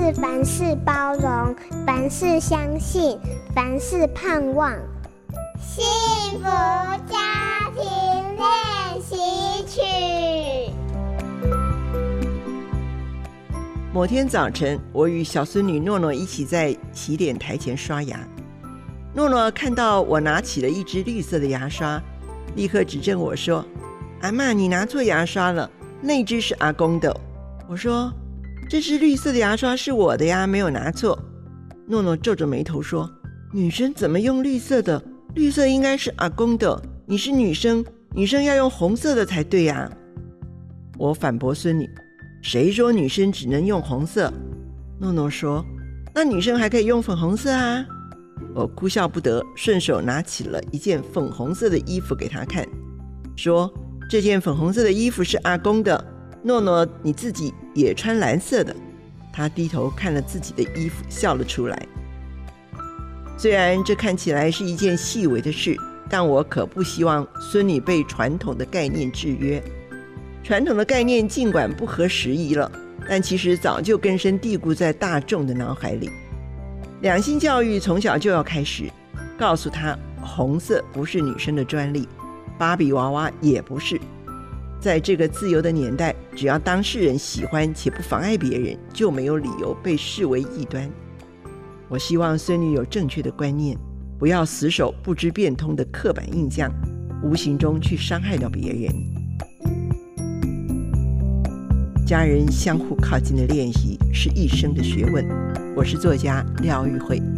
是凡事包容，凡事相信，凡事盼望。幸福家庭練習曲。某天早晨，我與小孫女諾諾一起在洗臉台前刷牙。諾諾看到我拿起了一支綠色的牙刷，立刻指正我說：“阿嬤，你拿錯牙刷了，那支是阿公的。”我說。這隻綠色的牙刷，是我的呀，沒有拿錯。諾諾皺着眉頭說：“女生怎麼用綠色的？綠色應該是阿公的。你是女生，女生要用紅色的才對呀。”我反駁孫女：“誰說女生只能用紅色？”諾諾說：“那女生還可以用粉紅色啊。”我哭笑不得，順手拿起了一件粉紅色的衣服給她看，說：“這件粉紅色的衣服是阿公的。”諾諾，你自己也穿藍色的。他低頭看了自己的衣服，笑了出來。雖然這看起來是一件細微的事，但我可不希望孫女被傳統的概念制約。傳統的概念儘管不合時宜了，但其實早就根深蒂固在大眾的腦海裡。兩性教育從小就要開始，告訴她紅色不是女生的專利，芭比娃娃也不是。在這個自由的年代，只要當事人喜歡且不妨礙別人，就沒有理由被視為異端。我希望孫女有正確的觀念，不要死守不知變通的刻板印象，無形中去傷害到別人。家人相互靠近的練習，是一生的學問。我是作家廖玉蕙。